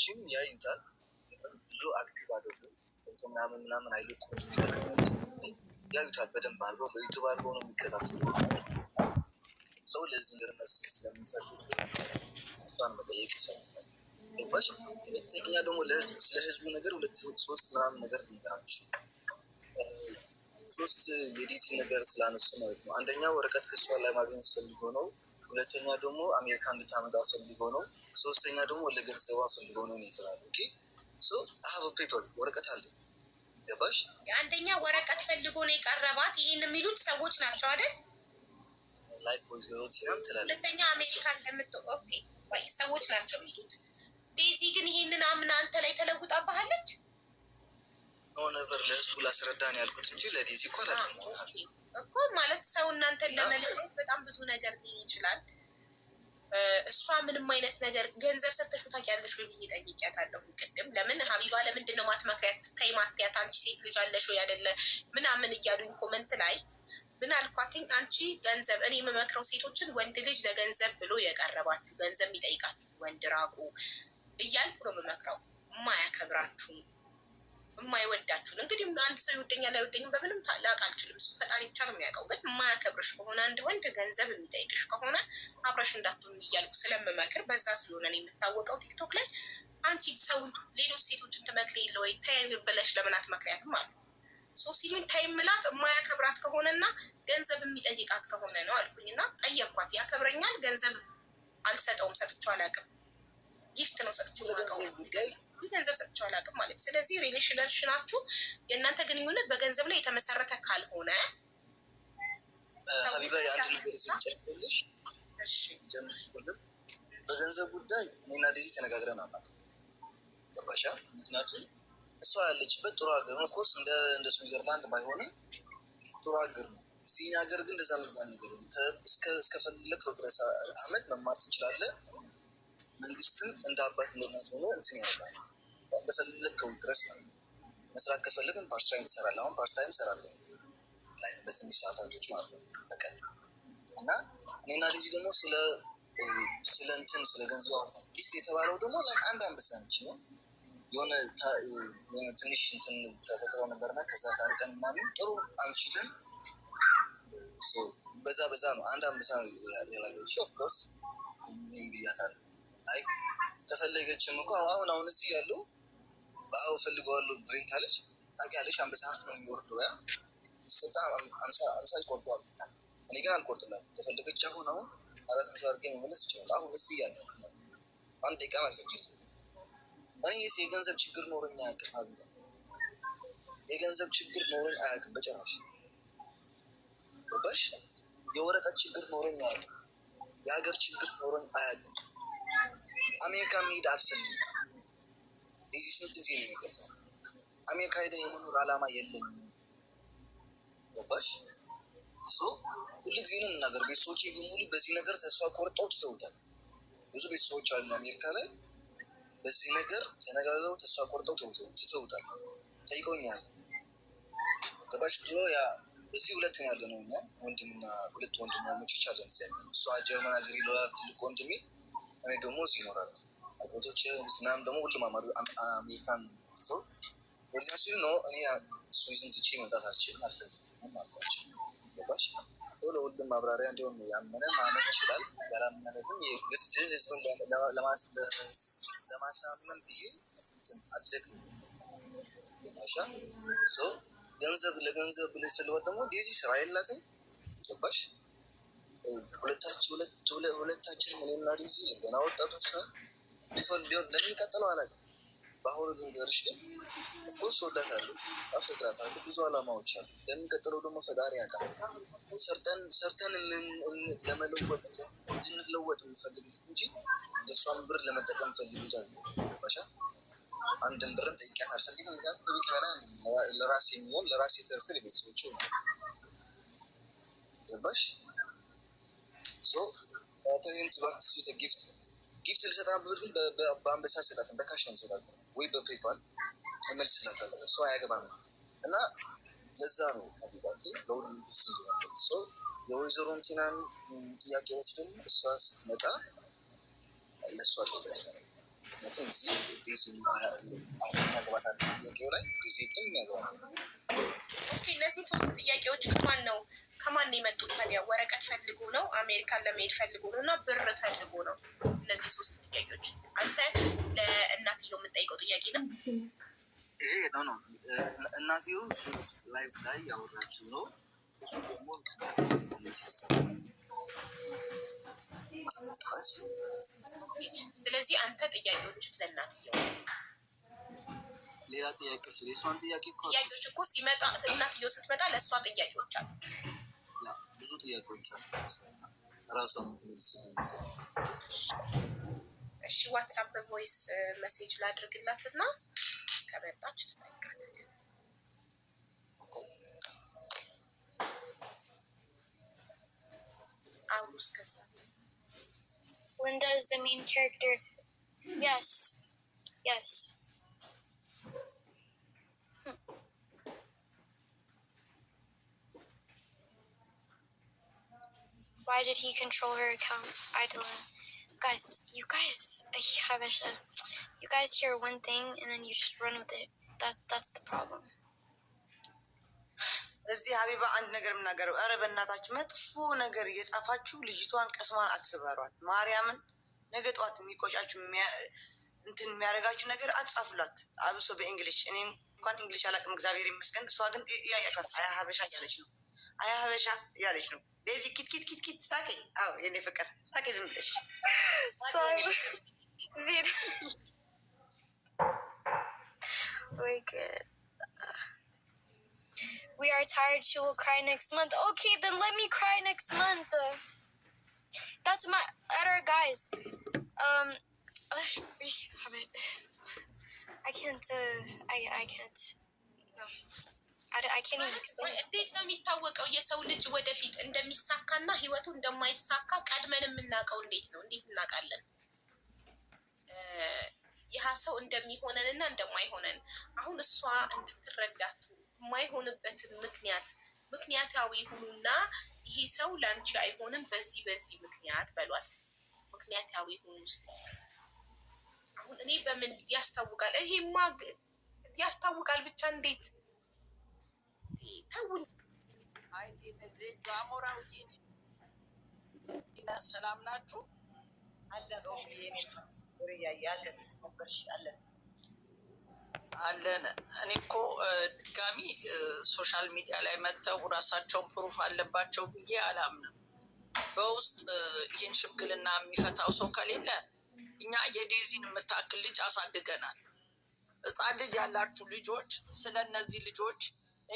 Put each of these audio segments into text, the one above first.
ሰዎችም ያዩታል። ብዙ አክቲቭ አደሉ ፎቶ ምናምን ምናምን አይሉት ያዩታል። በደንብ አልበ በዩቱብ አልበ ነው የሚከታተሉ። ሰው ለዚህ ንርመስ ስለሚፈልግ እሷን መጠየቅ ይፈልጋል። ገባሽ? ሁለተኛ ደግሞ ስለ ህዝቡ ነገር ሁለት ሶስት ምናምን ነገር ልንገራችሁ። ሶስት የዲቲ ነገር ስላነሱ ማለት ነው። አንደኛ ወረቀት ላይ ማግኘት ፈልጎ ነው ሁለተኛ ደግሞ አሜሪካ እንድታመጣ ፈልጎ ነው። ሶስተኛ ደግሞ ለገንዘቧ ፈልጎ ነው ይትላል። ሀቭ ፔፐር ወረቀት አለ ገባሽ? አንደኛ ወረቀት ፈልጎ ነው የቀረባት። ይህን የሚሉት ሰዎች ናቸው አይደል? ላይክ ወይዘሮ ቲናም ትላለች። ሁለተኛ አሜሪካ እንደምት ኦኬ ሰዎች ናቸው የሚሉት። ዴዚ ግን ይህንን አምና አንተ ላይ ተለውጣ ተለውጣባሃለች። ነው ነበር ለህዝቡ ላስረዳ ነው ያልኩት እንጂ ለዴዚ እኮ እኮ ማለት ሰው እናንተን ለመለየት በጣም ብዙ ነገር ሊሆን ይችላል። እሷ ምንም አይነት ነገር ገንዘብ ሰተሹ ታውቂያለሽ ወይ ብዬ ጠይቂያታለሁ። ቅድም ለምን ሀቢባ ለምንድነው ነው ማትመክሪያት? ተይ ማትያት አንቺ ሴት ልጅ አለሽ ወይ አይደለ ምናምን እያሉኝ ኮመንት ላይ ምን አልኳትኝ? አንቺ ገንዘብ እኔ የምመክረው ሴቶችን ወንድ ልጅ ለገንዘብ ብሎ የቀረባችሁ ገንዘብ የሚጠይቃችሁ ወንድ ራቁ እያልኩ ነው የምመክረው። ማያከብራችሁም የማይወዳችሁን እንግዲህ አንድ ሰው ይወደኛል አይወደኝም በምንም ታላቅ አልችልም። እሱ ፈጣሪ ብቻ ነው የሚያውቀው። ግን የማያከብርሽ ከሆነ አንድ ወንድ ገንዘብ የሚጠይቅሽ ከሆነ አብረሽ እንዳትሆን እያልኩ ስለምመክር በዛ ስለሆነ የምታወቀው ቲክቶክ ላይ አንቺ ሰው ሌሎች ሴቶችን ትመክሪ የለ ወይ ተያዩ ብለሽ ለምን አትመክሪያትም አሉ። ሶሲሚን ታይምላት የማያከብራት ከሆነና ገንዘብ የሚጠይቃት ከሆነ ነው አልኩኝና ጠየኳት። ያከብረኛል ገንዘብ አልሰጠውም። ሰጥቼው አላውቅም። ጊፍት ነው ሰጥቼው ማቀው ሁሉ ገንዘብ ሰጥቼው አላውቅም ማለት። ስለዚህ ሪሌሽናችሁ የእናንተ ግንኙነት በገንዘብ ላይ የተመሰረተ ካልሆነ ሀቢባ የአንድ ነገር ስጨልሽ በገንዘብ ጉዳይ እኔና ዴዚ ተነጋግረን አናውቅም። ገባሻ? ምክንያቱም እሷ ያለችበት ጥሩ ሀገር ነው። ኦፍኮርስ እንደ ስዊዘርላንድ ባይሆንም ጥሩ ሀገር ነው። ሲኛ ሀገር ግን እንደዛ የሚባል ነገር እስከፈለግከው ድረስ አመት መማር ትችላለህ። መንግስትም እንደ አባት እንደናት ሆኖ እንትን ያደርጋል። እንደፈለግከው ድረስ ማለት ነው። መስራት ከፈለግን ፓርት ታይም ትሰራለህ። አሁን ፓርት ታይም እሰራለሁ ላይ በትንሽ ሰዓታቶች ማለት ነው በቀን እና እኔና ልጅ ደግሞ ስለ ስለ እንትን ስለ ገንዘብ አውርታል። ጊፍት የተባለው ደግሞ ላይ አንድ አንበሳ ነች ነው የሆነ ትንሽ እንትን ተፈጥሮ ነበርና ከዛ ታርቀን ምናምን ጥሩ አምሽተን በዛ በዛ ነው አንድ አንበሳ ያላገች ኦፍኮርስ ብያታል። ላይክ ተፈለገችም እኮ አሁን አሁን እዚህ ያለው አዎ ፈልገዋለሁ ብሬን ካለች ታውቂያለሽ፣ አንበሳ ሀፍ ነው የሚወርደው። ያ ስጣ አምሳ ቆርጦ አብጥታል። እኔ ግን አልቆርጥላት። ከፈለገች አሁን አሁን አራት መቶ አድርጌ መመለስ ይችላል። አሁን በስ እያላችሁ ነው አንድ ደቂቃ ማለች። እኔ የስ የገንዘብ ችግር ኖረኝ አያውቅም። ሀቢባ የገንዘብ ችግር ኖረኝ አያውቅም በጭራሽ ገባሽ? የወረቀት ችግር ኖረኝ አያውቅም። የሀገር ችግር ኖረኝ አያውቅም። አሜሪካ መሄድ አልፈልግም ዲሲሽን ትዚ ነው የነገርኩት? አሜሪካ ሄደ የመኖር አላማ የለን። ገባሽ? ሶ ሁሉ ጊዜ ነው የምናገር። ቤተሰቦች በሙሉ በዚህ ነገር ተስፋ ቆርጠው ትተውታል። ብዙ ቤተሰቦች አሉ አሜሪካ ላይ በዚህ ነገር ተነጋግረው ተስፋ ቆርጠው ትተውታል። ጠይቀውኛል። ገባሽ? ድሮ ያ እዚህ ሁለት ያለ ነው እኛ ወንድምና ሁለት ወንድማማቾች አለን። እዚያ እሷ ጀርመን ሀገር ይኖራል ትልቅ ወንድሜ፣ እኔ ደግሞ እዚህ ይኖራል አጎቶች ምናምን ደግሞ ሁሉም አማሪ አሜሪካን ሰው በዚያ ሲሉ ነው። እኔ ስዊዝን ትቼ መምጣት አልችልም አልፈልግም አልኳቸው። ገባሽ ለሁሉም ማብራሪያ እንዲሆን ያመነ ማመን ይችላል፣ ያላመነ ግን የግድ ህዝብን ለማሳመን ብዬ አደግ ገባሻ። ገንዘብ ለገንዘብ ብለ ልፈልወት ደግሞ ዴዚ ስራ የላትም ገባሽ። ሁለታችን ሁለታችን እኔና ዴዚ ገና ወጣቶች ነን ቢፎር ቢሆን ለሚቀጥለው አላውቅም። በአሁኑ ልንገርሽ ግን ኦፍኮርስ ወዳታለሁ፣ አፈቅራታለሁ። ብዙ አላማዎች አሉ። ለሚቀጥለው ደግሞ ፈጣሪ ያውቃል። ሰርተን ሰርተን ለመለወጥ እንድንለወጥ የምፈልግ እንጂ እንደሷን ብር ለመጠቀም ፈልግ ይቻሉ ገባሻ። አንድን ብርን ጠይቂያት አልፈልግም። ምክንያቱም በበቂ በላይ ለራሴ የሚሆን ለራሴ ተርፍ ለቤተሰቦች ነው ገባሽ። ሶ ተይምት ባክትሱ ተጊፍት ነው ጊፍት ልሰጣት ብትልም በአንበሳ ስላት በካሽ ነው ስላት ወይ በፔፓል መልስላት አለ ሰው አያገባም እና ለዛ ነው ሀቢባቴ ለሁሉም ግልጽ እንዲሆንበት ሰው የወይዘሮ እንቲናን ጥያቄዎች ደግሞ እሷ ስትመጣ ለእሷ ጠጋ ምክንያቱም እዚህ ዴዚ ያገባታል ጥያቄው ላይ ዴዚ ድም ያገባታል እነዚህ ሶስት ጥያቄዎች ከማን ነው ከማን የመጡት ታዲያ? ወረቀት ፈልጎ ነው? አሜሪካን ለመሄድ ፈልጎ ነው? እና ብር ፈልጎ ነው? እነዚህ ሶስት ጥያቄዎች አንተ ለእናትየው የምንጠይቀው ጥያቄ ነው። ይሄ ነው ነው እናትየው ሶስት ላይፍ ላይ ያወራችው ነው። እሱ ደግሞ መሳሰብ ስለዚህ አንተ ጥያቄዎች ለእናትየው ሌላ ጥያቄ ስለ እሷን ጥያቄ ጥያቄዎች እኮ ሲመጣ እናትየው ስትመጣ ለእሷ ጥያቄዎች አሉ ብዙ ጥያቄዎች አሉ። ራሷን መልስ እሺ፣ ዋትሳፕ በቮይስ መሴጅ ላድርግላት እና ከመጣች ትጠይቃለች። አውሩስ ከዛ Linda is the main character. Yes. Yes. Why did he control her account? Idolin. Guys, you guys, you guys hear one thing and then you just run with it. That That's the problem. እዚህ ሀቢባ አንድ ነገር የምናገረው፣ ኧረ በእናታችሁ መጥፎ ነገር እየጻፋችሁ ልጅቷን ቀስሟን አትስበሯት። ማርያምን ነገ ጠዋት የሚቆጫችሁ እንትን የሚያደርጋችሁ ነገር አትጻፉላት፣ አብሶ በእንግሊሽ። እኔ እንኳን እንግሊሽ አላውቅም እግዚአብሔር ይመስገን። እሷ ግን እያያችኋት አያ ሀበሻ እያለች ነው፣ አያ ሀበሻ እያለች ነው። ለዚህ ኪትኪትኪትኪት አዎ የኔ ፍቅር ሳቂ፣ ዝም ብለሽ We are tired. She will cry next month. Okay, then let me cry next month. that's my other guys. Um, uh, I can't. Uh, I I can't. እንዴት ነው የሚታወቀው የሰው ልጅ ወደፊት እንደሚሳካና ህይወቱ እንደማይሳካ ቀድመን የምናውቀው እንዴት ነው? እንዴት እናውቃለን? ይህ ሰው እንደሚሆነን እና እንደማይሆነን አሁን እሷ እንድትረዳችሁ የማይሆንበትን ምክንያት ምክንያታዊ ሁኑና ይሄ ሰው ለአንቺ አይሆንም በዚህ በዚህ ምክንያት በሏት። ምክንያታዊ ሁኑ ውስጥ አሁን እኔ በምን ያስታውቃል? ይሄማ ያስታውቃል ብቻ እንዴት ተውል ሰላም ናችሁ? አለን። እኔ እኮ ድጋሚ ሶሻል ሚዲያ ላይ መጥተው ራሳቸውን ፕሩፍ አለባቸው ብዬ አላምንም። በውስጥ ይህን ሽምግልና የሚፈታው ሰው ከሌለ እኛ የዴዚን የምታክል ልጅ አሳድገናል። ሕፃን ልጅ ያላችሁ ልጆች ስለ እነዚህ ልጆች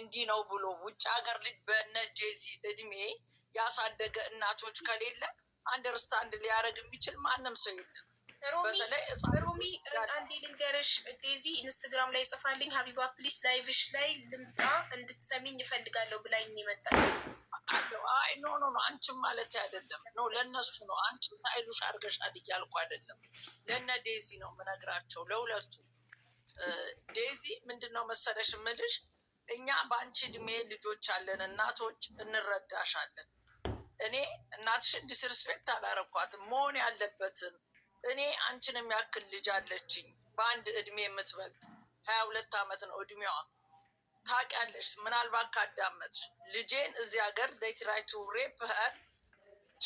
እንዲህ ነው ብሎ ውጭ ሀገር ልጅ በነ ጄዚ እድሜ ያሳደገ እናቶች ከሌለ አንደርስታንድ ሊያደርግ የሚችል ማንም ሰው የለም። ሮሚ አንዴ ልንገርሽ፣ ዴዚ ኢንስትግራም ላይ ጽፋልኝ ሀቢባ ፕሊስ ላይቭሽ ላይ ልምጣ እንድትሰሚኝ እፈልጋለሁ ብላኝ የመጣች አይ ኖ ኖ አንቺም ማለት አይደለም ነው፣ ለእነሱ ነው። አንቺ ሳይሉሽ አድርገሻል እያልኩ አይደለም፣ ለእነ ዴዚ ነው የምነግራቸው ለሁለቱ። ዴዚ ምንድን ነው መሰለሽ ምልሽ እኛ በአንቺ እድሜ ልጆች አለን፣ እናቶች እንረዳሻለን። እኔ እናትሽን ዲስርስፔክት አላረኳትም። መሆን ያለበትን እኔ አንቺን የሚያክል ልጅ አለችኝ፣ በአንድ እድሜ የምትበልጥ ሀያ ሁለት ዓመት ነው እድሜዋ። ታውቂያለሽ፣ ምናልባት ካዳመጥሽ ልጄን እዚህ ሀገር ዴትራይቱ ሬፕ ህር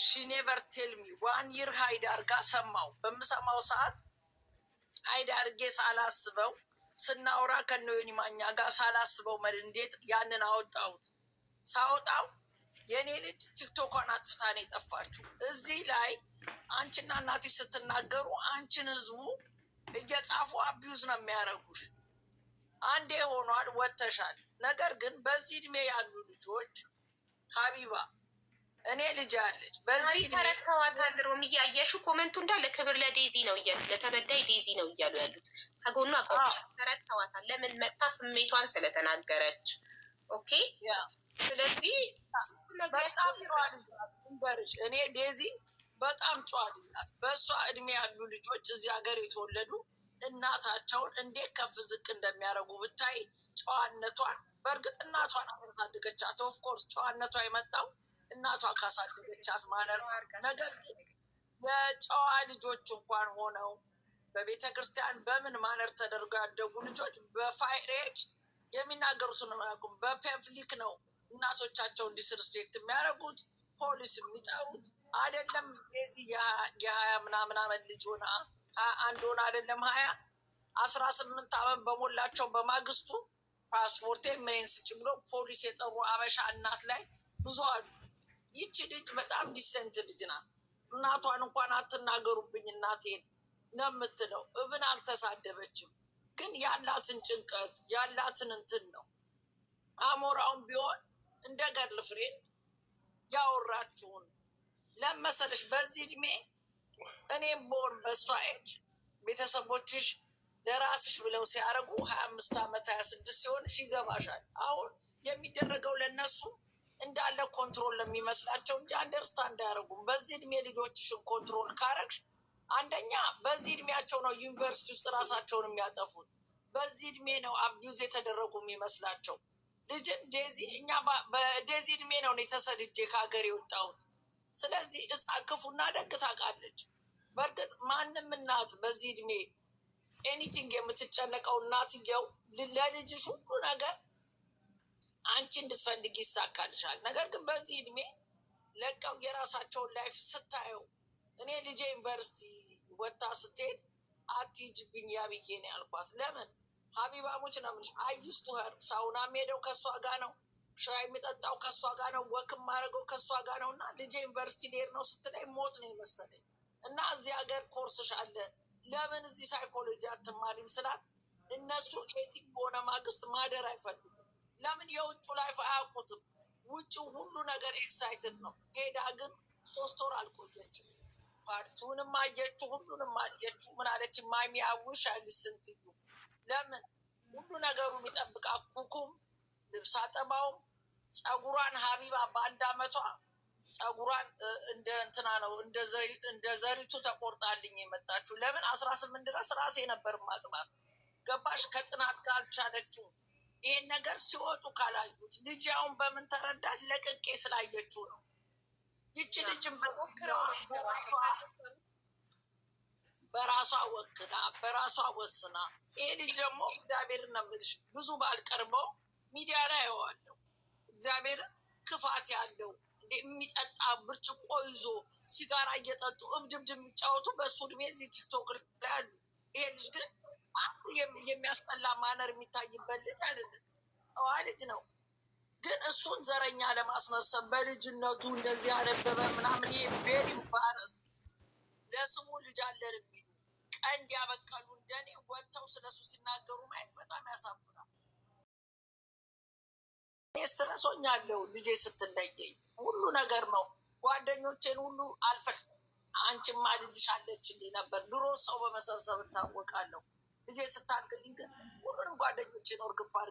ሺኔቨር ቴልሚ ዋን ይር ሀይድ አርጋ ሰማው። በምሰማው ሰዓት ሀይድ አርጌ ሳላስበው ስናወራ ከነ ዮኒ ማኛ ጋር ሳላስበው መድ እንዴት ያንን አወጣሁት። ሳወጣው የእኔ ልጅ ቲክቶኳን አጥፍታ ነው የጠፋችው። እዚህ ላይ አንቺና እናቴ ስትናገሩ አንቺን ህዝቡ እየጻፉ አቢዩዝ ነው የሚያደርጉሽ። አንዴ ሆኗል፣ ወጥተሻል። ነገር ግን በዚህ እድሜ ያሉ ልጆች ሀቢባ እኔ ልጅ አለች በዚህ ተረከዋታል። ሮሚ እያየሹ ኮመንቱ እንዳለ ክብር ለዴዚ ነው እያሉ ለተበዳይ ዴዚ ነው እያሉ ያሉት ከጎኗ ተረከዋታል። ለምን መጥታ ስሜቷን ስለተናገረች ኦኬ። ስለዚህ ነግረች እኔ ዴዚ በጣም ጨዋል ናት። በእሷ እድሜ ያሉ ልጆች እዚህ ሀገር የተወለዱ እናታቸውን እንዴት ከፍ ዝቅ እንደሚያደርጉ ብታይ ጨዋነቷን። በእርግጥ እናቷን አሳደገቻት። ኦፍኮርስ ጨዋነቷ የመጣው እናቷ ካሳደገቻት ማነር። ነገር ግን የጨዋ ልጆች እንኳን ሆነው በቤተ ክርስቲያን በምን ማነር ተደርገው ያደጉ ልጆች በፋይር ኤጅ የሚናገሩትን አያውቁም። በፐብሊክ ነው እናቶቻቸውን ዲስርስፔክት የሚያደርጉት ፖሊስ የሚጠሩት አይደለም። ዚህ የሀያ ምናምን አመት ልጅ ሆና አንድ ሆነ አይደለም ሀያ አስራ ስምንት አመት በሞላቸው በማግስቱ ፓስፖርቴ ምንን ስጭ ብሎ ፖሊስ የጠሩ አበሻ እናት ላይ ብዙ አሉ። ይቺ ልጅ በጣም ዲሰንት ልጅ ናት። እናቷን እንኳን አትናገሩብኝ እናቴን ነው የምትለው። እብን አልተሳደበችም፣ ግን ያላትን ጭንቀት ያላትን እንትን ነው። አሞራውን ቢሆን እንደ ገርል ፍሬንድ ያወራችሁን ለመሰለሽ በዚህ እድሜ እኔም ቦር በእሷ ኤጅ ቤተሰቦችሽ ለራስሽ ብለው ሲያደርጉ ሀያ አምስት ዓመት ሀያ ስድስት ሲሆንሽ ይገባሻል። አሁን የሚደረገው ለእነሱ እንዳለ ኮንትሮል ለሚመስላቸው እንጂ አንደርስታንድ አያደርጉም። በዚህ እድሜ ልጆችሽን ኮንትሮል ካረግሽ አንደኛ በዚህ እድሜያቸው ነው ዩኒቨርሲቲ ውስጥ ራሳቸውን የሚያጠፉት። በዚህ እድሜ ነው አብዩዝ የተደረጉ የሚመስላቸው። ልጅን ዴዚ እኛ በዴዚ እድሜ ነው የተሰድጄ ከሀገር የወጣሁት። ስለዚህ እጻ ክፉና ደግ ታውቃለች። በእርግጥ ማንም እናት በዚህ እድሜ ኤኒቲንግ የምትጨነቀው እናትየው ለልጅሽ ሁሉ ነገር አንቺ እንድትፈልግ ይሳካልሻል። ነገር ግን በዚህ እድሜ ለቀው የራሳቸውን ላይፍ ስታየው እኔ ልጄ ዩኒቨርሲቲ ወታ ስትሄድ አትሂጂብኝ ያ ብዬ ነው ያልኳት። ለምን ሀቢባሞች ነው የምልሽ። አይስቱ ሀር ሳውና የምሄደው ከእሷ ጋር ነው፣ ሻይ የሚጠጣው ከእሷ ጋር ነው፣ ወክም ማድረገው ከእሷ ጋር ነው እና ልጄ ዩኒቨርሲቲ ሌር ነው ስትለኝ ሞት ነው የመሰለኝ እና እዚህ ሀገር ኮርስሽ አለ ለምን እዚህ ሳይኮሎጂ አትማሪም ስላት እነሱ ኤቲክ በሆነ ማግስት ማደር አይፈልጉም። ለምን የውጭ ላይፍ አያውቁትም? ውጭ ሁሉ ነገር ኤክሳይትድ ነው። ሄዳ ግን ሶስት ወር አልቆየችም። ፓርቲውንም አየችው፣ ሁሉንም አየችው። ምን አለች? ማሚ አውሽ ለምን ሁሉ ነገሩ የሚጠብቃ ኩኩም ልብስ አጠባውም ፀጉሯን ሀቢባ በአንድ አመቷ ፀጉሯን እንደ እንትና ነው እንደ ዘሪቱ ተቆርጣልኝ የመጣችው። ለምን አስራ ስምንት ድረስ ራሴ ነበር ማጥባት ገባሽ። ከጥናት ጋር አልቻለችው። ይህን ነገር ሲወጡ ካላዩት ልጅ አሁን በምን ተረዳች? ለቅቄ ስላየችው ነው። ይቺ ልጅም በራሷ ወክላ በራሷ ወስና፣ ይሄ ልጅ ደግሞ እግዚአብሔር ነምልሽ የምልሽ ብዙ ባልቀርበው ሚዲያ ላይ አየዋለሁ። እግዚአብሔር ክፋት ያለው የሚጠጣ ብርጭቆ ይዞ ሲጋራ እየጠጡ እብድብድ የሚጫወቱ በእሱ እድሜ እዚህ ቲክቶክ ላይ አሉ። ይሄ ልጅ ግን የሚያስጠላ ማነር የሚታይበት ልጅ አይደለም። ዋልጅ ልጅ ነው። ግን እሱን ዘረኛ ለማስመሰብ በልጅነቱ እንደዚህ ያደበበ ምናምን ቤሪ ባረስ ለስሙ ልጅ አለን የሚሉ ቀንድ ያበቀሉ እንደኔ ወጥተው ስለሱ ሲናገሩ ማየት በጣም ያሳፍራል። እኔ አለው ልጄ ስትለየኝ ሁሉ ነገር ነው። ጓደኞቼን ሁሉ አልፈሽ አንቺማ ልጅሽ አለችልኝ ነበር። ድሮ ሰው በመሰብሰብ እታወቃለሁ። እዚህ ስታንክል ሁሉንም ጓደኞች ኖር ግፋር